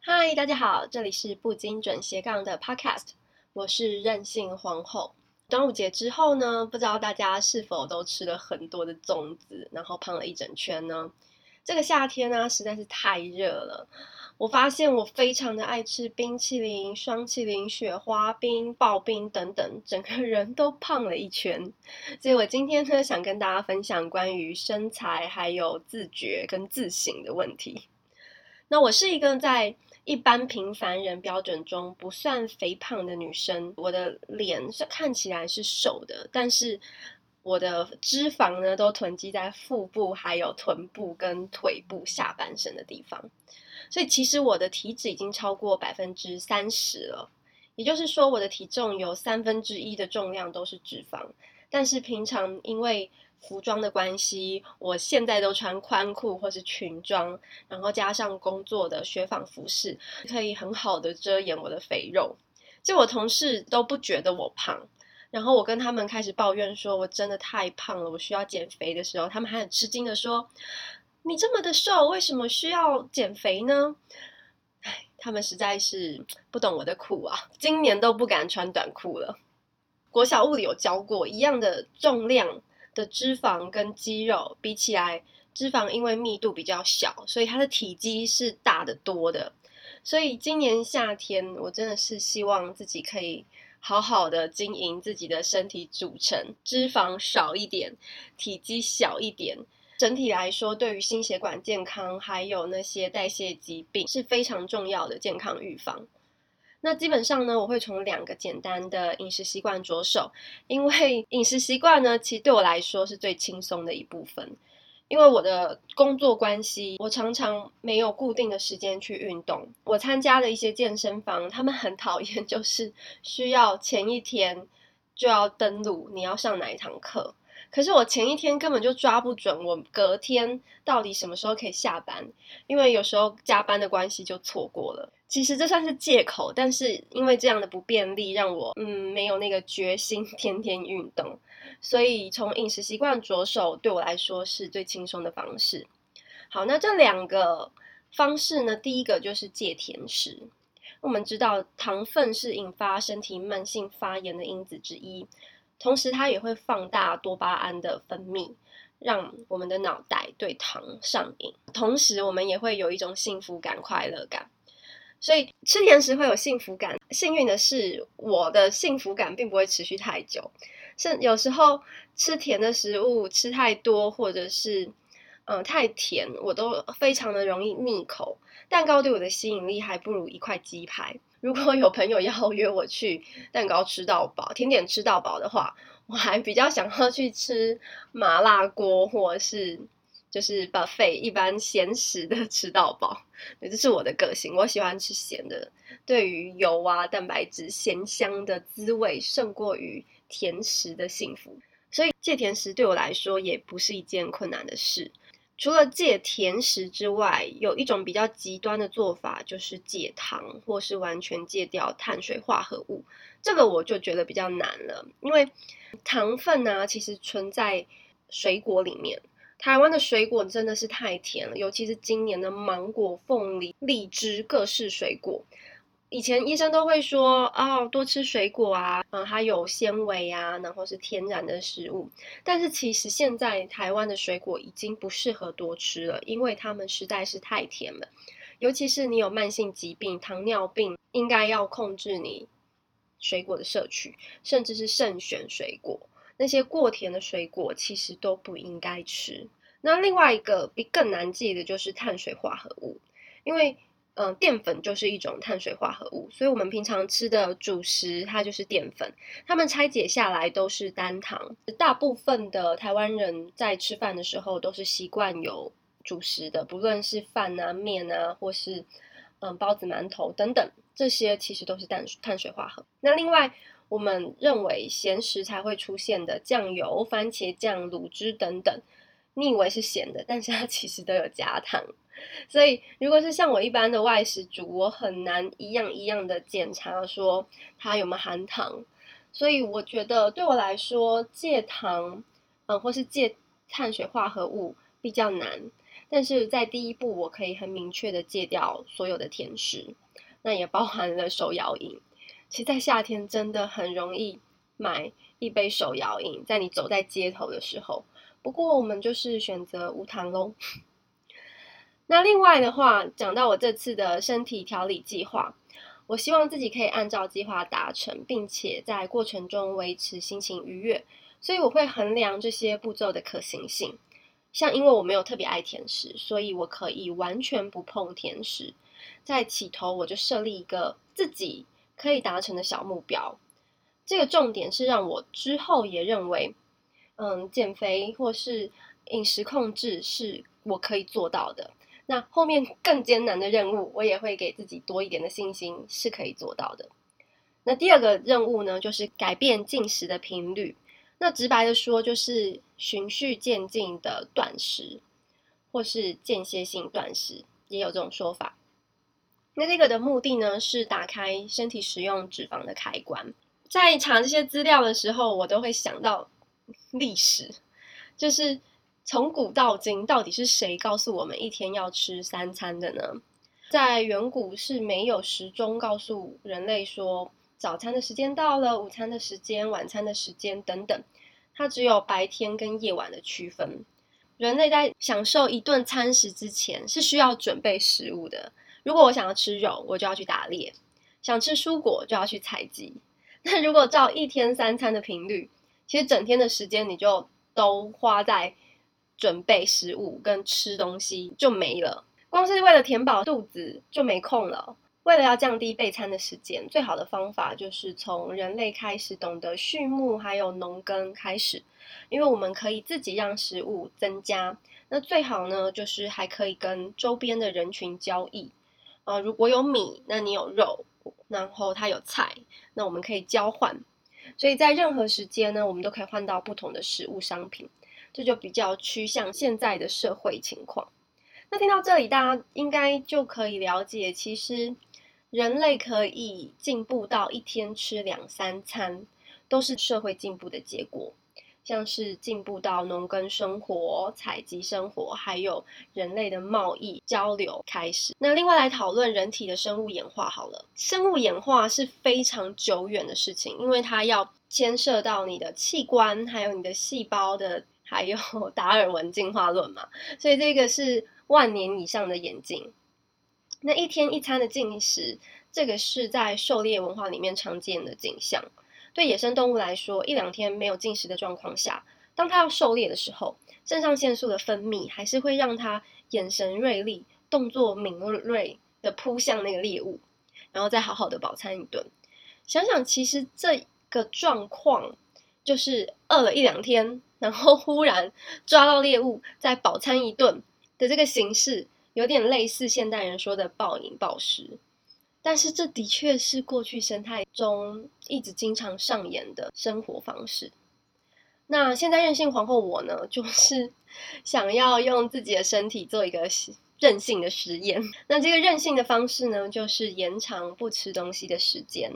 嗨，Hi, 大家好，這裡是不精準斜槓的 Podcast，我是任性皇後。端午節之後呢，不知道大家是否都吃了很多的粽子，然後胖了一整圈呢？這個夏天呢、啊，實在是太熱了，我發現我非常的愛吃冰淇淋、雙淇淋、雪花冰、刨冰等等，整個人都胖了一圈。所以我今天呢，想跟大家分享關於身材還有自覺跟自省的問題。那我是一個在一般平凡人標準中不算肥胖的女生，我的臉是看起來是瘦的，但是我的脂肪呢都囤積在腹部，還有臀部跟腿部下半身的地方，所以其實我的體脂已經超過百分之三十了，也就是說我的體重有三分之一的重量都是脂肪，但是平常因為，服裝的關係，我現在都穿寬褲或是裙裝，然後加上工作的雪紡服飾，可以很好的遮掩我的肥肉。就我同事都不覺得我胖，然後我跟他們開始抱怨說，我真的太胖了，我需要減肥的時候，他們還很吃驚的說，你這麼的瘦，為什麼需要減肥呢？哎，他們實在是不懂我的苦啊！今年都不敢穿短褲了。國小物理有教過，一樣的重量，的脂肪跟肌肉比起來，脂肪因為密度比較小，所以它的體積是大得多的。所以今年夏天，我真的是希望自己可以好好的經營自己的身體組成，脂肪少一點，體積小一點。整體來說，對於心血管健康還有那些代謝疾病是非常重要的健康預防。那基本上呢，我會從兩個簡單的飲食習慣着手，因為飲食習慣呢，其實對我來說是最輕鬆的一部分。因為我的工作關係，我常常沒有固定的時間去運動。我參加的一些健身房，他們很討厭，就是需要前一天就要登錄，你要上哪一堂課。可是我前一天根本就抓不準，我隔天到底什麼時候可以下班，因為有時候加班的關係就錯過了。其實這算是借口，但是因為這樣的不便利，讓我嗯沒有那個決心天天運動，所以從飲食習慣着手對我來說是最輕鬆的方式。好，那這兩個方式呢，第一個就是戒甜食。我們知道糖分是引發身體慢性發炎的因子之一。同時，它也會放大多巴胺的分泌，讓我們的腦袋對糖上癮。同時，我們也會有一種幸福感、快樂感。所以，吃甜食會有幸福感。幸運的是，我的幸福感並不會持續太久。甚有時候吃甜的食物吃太多，或者是嗯、呃、太甜，我都非常的容易膩口。蛋糕對我的吸引力還不如一塊雞排。如果有朋友要約我去蛋糕吃到飽、甜點吃到飽的話，我還比較想要去吃麻辣鍋，或是就是 buffet 一般鹹食的吃到飽。這是我的個性，我喜歡吃鹹的。對於油啊、蛋白質、鹹香的滋味，勝過於甜食的幸福。所以戒甜食對我來說也不是一件困難的事。除了戒甜食之外，有一種比較極端的做法，就是戒糖或是完全戒掉碳水化合物。這個我就覺得比較難了，因為糖分呢、啊，其實存在水果裡面。台灣的水果真的是太甜了，尤其是今年的芒果、鳳梨、荔枝，各式水果。以前醫生都會說哦，多吃水果啊，嗯，還有纖維啊，然後是天然的食物。但是其實現在台灣的水果已經不適合多吃了，因為它們實在是太甜了。尤其是你有慢性疾病，糖尿病，應該要控制你水果的攝取，甚至是慎選水果。那些過甜的水果其實都不應該吃。那另外一個比更難記的就是碳水化合物，因為嗯，澱粉就是一種碳水化合物，所以我們平常吃的主食它就是澱粉，它們拆解下來都是單糖。大部分的台灣人在吃飯的時候都是習慣有主食的，不論是飯啊、麵啊，或是嗯包子、饅頭等等，這些其實都是碳水化合物。那另外，我們認為鹹食才會出現的醬油、番茄醬、滷汁等等。你以為是鹹的，但是它其實都有加糖，所以如果是像我一般的外食族，我很難一樣一樣的檢查說它有沒有含糖。所以我覺得對我來說，戒糖，嗯，或是戒碳水化合物比較難。但是在第一步，我可以很明確的戒掉所有的甜食，那也包含了手搖飲。其實，在夏天真的很容易買一杯手搖飲，在你走在街頭的時候。不過我們就是選擇無糖咯。 那另外的話，講到我這次的身體調理計劃，我希望自己可以按照計劃達成，並且在過程中維持心情愉悅。所以我會衡量這些步驟的可行性。像，因為我沒有特別愛甜食，所以我可以完全不碰甜食。在起頭我就設立一個自己可以達成的小目標。這個重點是讓我之後也認為。嗯，減肥或是飲食控制是我可以做到的。那後面更艱難的任務，我也會給自己多一點的信心，是可以做到的。那第二個任務呢，就是改變進食的頻率。那直白的說，就是循序漸進的斷食，或是間歇性斷食，也有這種說法。那這個的目的呢，是打開身體使用脂肪的開關。在查這些資料的時候，我都會想到。歷史就是從古到今，到底是誰告訴我們一天要吃三餐的呢？在遠古是沒有時鐘告訴人類說早餐的時間到了、午餐的時間、晚餐的時間等等，它只有白天跟夜晚的區分。人類在享受一頓餐食之前是需要準備食物的。如果我想要吃肉，我就要去打獵；想吃蔬果，就要去採集。那如果照一天三餐的頻率？其實整天的時間你就都花在準備食物跟吃東西就沒了，光是為了填飽肚子就沒空了。為了要降低備餐的時間，最好的方法就是從人類開始懂得畜牧還有農耕開始，因為我們可以自己讓食物增加。那最好呢，就是還可以跟周邊的人群交易。啊。如果有米，那你有肉，然後它有菜，那我們可以交換。所以在任何時間呢，我們都可以換到不同的食物商品，這就比較趨向現在的社會情況。那聽到這裡，大家應該就可以了解，其實人類可以進步到一天吃兩三餐，都是社會進步的結果。像是進步到農耕生活、採集生活，還有人類的貿易交流開始。那另外來討論人體的生物演化好了，生物演化是非常久遠的事情，因為它要牽涉到你的器官，還有你的細胞的，還有達爾文進化論嘛，所以這個是萬年以上的演進。那一天一餐的進食，這個是在狩獵文化裡面常見的景象。對野生動物來說，一兩天沒有進食的狀況下，當它要狩獵的時候，腎上腺素的分泌還是會讓它眼神銳利、動作敏銳的撲向那個獵物，然後再好好的飽餐一頓。想想，其實這個狀況就是餓了一兩天，然後忽然抓到獵物，再飽餐一頓的這個形式，有點類似現代人說的暴飲暴食。但是這的確是過去生態中一直經常上演的生活方式。那現在任性皇后我呢，就是想要用自己的身體做一個任性的實驗。那這個任性的方式呢，就是延長不吃東西的時間。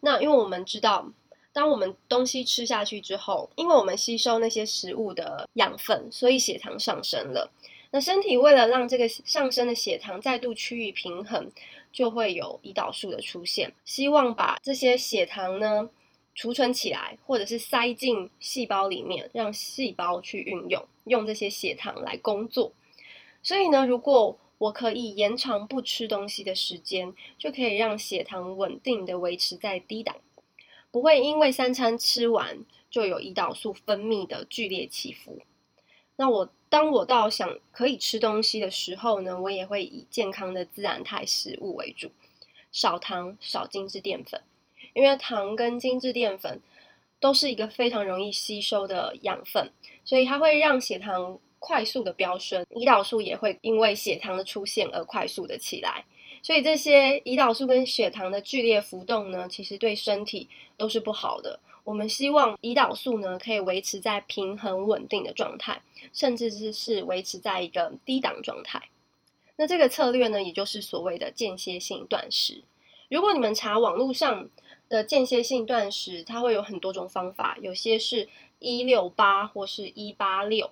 那因為我們知道，當我們東西吃下去之後，因為我們吸收那些食物的養分，所以血糖上升了。那身體為了讓這個上升的血糖再度趨於平衡，就會有胰島素的出現，希望把這些血糖呢儲存起來，或者是塞進細胞裡面，讓細胞去運用，用這些血糖來工作。所以呢，如果我可以延長不吃東西的時間，就可以讓血糖穩定的維持在低檔，不會因為三餐吃完就有胰島素分泌的劇烈起伏。那我當我到想可以吃東西的時候呢，我也會以健康的自然態食物為主，少糖少精製澱粉，因為糖跟精製澱粉都是一個非常容易吸收的養分，所以它會讓血糖快速的飆升，胰島素也會因為血糖的出現而快速的起來，所以這些胰島素跟血糖的劇烈浮動呢，其實對身體都是不好的。我們希望胰島素呢可以維持在平衡穩定的狀態，甚至是維持在一個低檔狀態。那這個策略呢，也就是所謂的間歇性斷食。如果你們查網絡上的間歇性斷食，它會有很多種方法，有些是一六八或是一八六。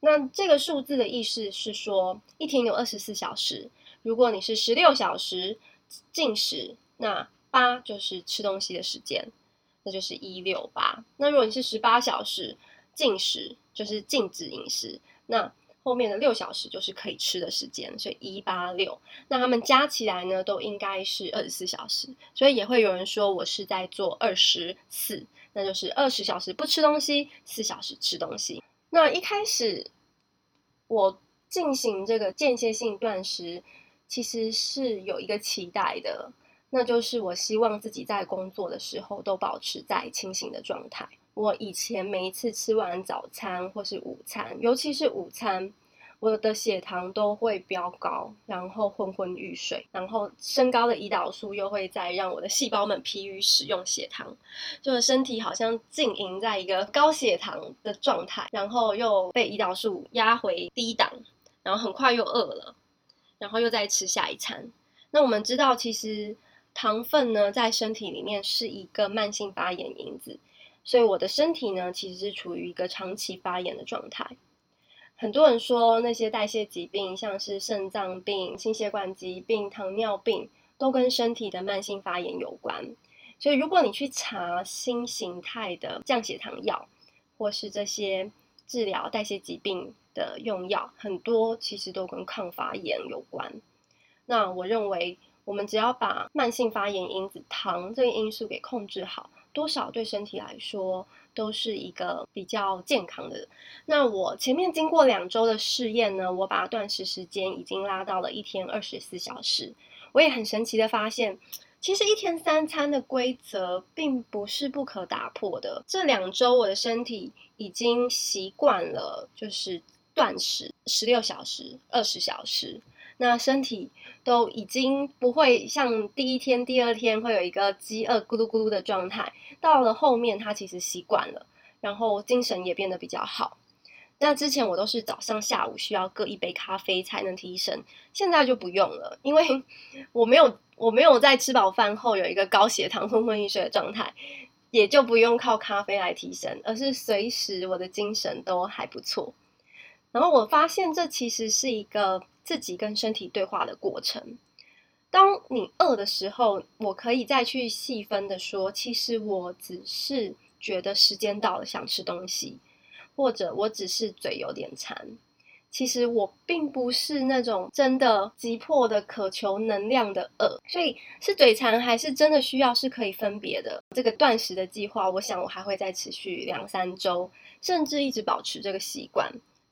那這個數字的意思是說，一天有二十四小時，如果你是十六小時禁食，那八就是吃東西的時間。那就是一六八。那如果你是十八小時禁食，就是禁止飲食，那後面的六小時就是可以吃的時間，所以一八六。那他們加起來呢，都應該是二十四小時。所以也會有人說我是在做二十四，那就是二十小時不吃東西，四小時吃東西。那一開始我進行這個間歇性斷食，其實是有一個期待的。那就是我希望自己在工作的時候都保持在清醒的狀態。我以前每一次吃完早餐或是午餐，尤其是午餐，我的血糖都會飆高，然後昏昏欲睡，然後升高的胰島素又會再讓我的細胞們疲於使用血糖，就是身體好像浸淫在一個高血糖的狀態，然後又被胰島素壓回低檔，然後很快又餓了，然後又再吃下一餐。那我們知道，其實。糖分呢，在身體裡面是一個慢性發炎因子，所以我的身體呢，其實是處於一個長期發炎的狀態。很多人說，那些代謝疾病，像是腎臟病、心血管疾病、糖尿病，都跟身體的慢性發炎有關。所以，如果你去查新型態的降血糖藥，或是這些治療代謝疾病的用藥，很多其實都跟抗發炎有關。那我認為。我們只要把慢性發炎因子糖這個因素給控制好，多少對身體來說都是一個比較健康的。那我前面經過兩周的試驗呢，我把斷食時間已經拉到了一天二十四小時。我也很神奇的發現，其實一天三餐的規則並不是不可打破的。這兩周我的身體已經習慣了，就是斷食十六小時、二十小時。那身體都已經不會像第一天、第二天會有一個飢餓咕嚕咕嚕的狀態，到了後面他其實習慣了，然後精神也變得比較好。那之前我都是早上、下午需要各一杯咖啡才能提神，現在就不用了，因為我沒有我沒有在吃飽飯後有一個高血糖、昏昏欲睡的狀態，也就不用靠咖啡來提神，而是隨時我的精神都還不錯。然後我發現，這其實是一個自己跟身體對話的過程。當你餓的時候，我可以再去細分的說，其實我只是覺得時間到了想吃東西，或者我只是嘴有點饞。其實我並不是那種真的急迫的渴求能量的餓，所以是嘴饞還是真的需要是可以分別的。這個斷食的計劃，我想我還會再持續兩三周，甚至一直保持這個習慣。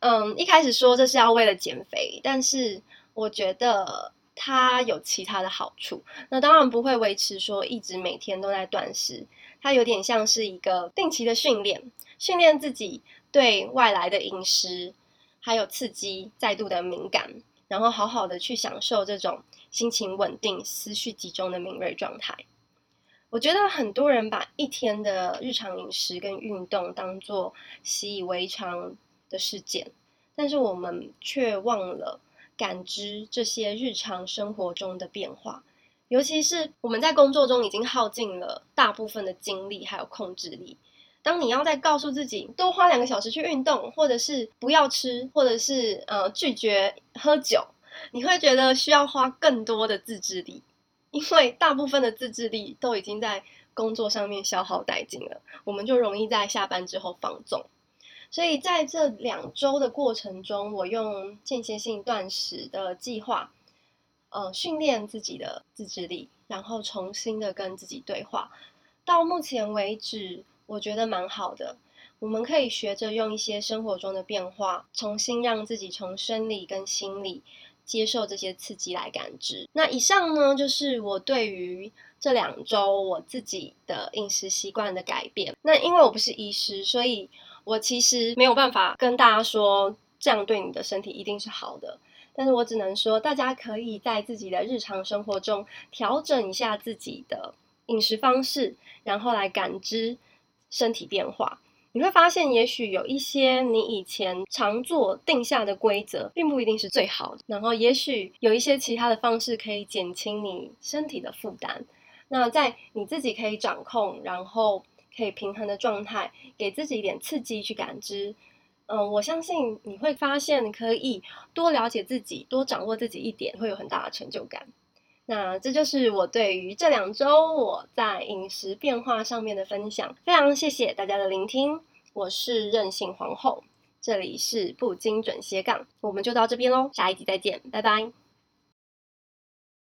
嗯，一開始說這是要為了減肥，但是我覺得它有其他的好處。那當然不會維持說一直每天都在斷食，它有點像是一個定期的訓練，訓練自己對外來的飲食還有刺激再度的敏感，然後好好的去享受這種心情穩定、思緒集中的敏銳狀態。我覺得很多人把一天的日常飲食跟運動當作習以為常的事件，但是我們卻忘了感知這些日常生活中的變化，尤其是我們在工作中已經耗盡了大部分的精力還有控制力。當你要再告訴自己多花兩個小時去運動，或者是不要吃，或者是呃拒絕喝酒，你會覺得需要花更多的自制力，因為大部分的自制力都已經在工作上面消耗殆盡了。我們就容易在下班之後放縱。所以在這兩周的過程中，我用間歇性斷食的計劃，呃，訓練自己的自制力，然後重新的跟自己對話。到目前為止，我覺得蠻好的。我們可以學着用一些生活中的變化，重新讓自己從生理跟心理接受這些刺激來感知。那以上呢，就是我對於這兩周我自己的飲食習慣的改變。那因為我不是醫師，所以。我其實沒有辦法跟大家說，這樣對你的身體一定是好的，但是我只能說，大家可以在自己的日常生活中調整一下自己的飲食方式，然後來感知身體變化。你會發現，也許有一些你以前常做定下的規則，並不一定是最好的。然後，也許有一些其他的方式可以減輕你身體的負擔。那在你自己可以掌控，然後。可以平衡的狀態，給自己一點刺激去感知。嗯，我相信你會發現可以多了解自己，多掌握自己一點，會有很大的成就感。那這就是我對於這兩周我在飲食變化上面的分享，非常謝謝大家的聆聽。我是任性皇後，這裡是不精準斜槓，我們就到這邊嘍，下一集再見，拜拜。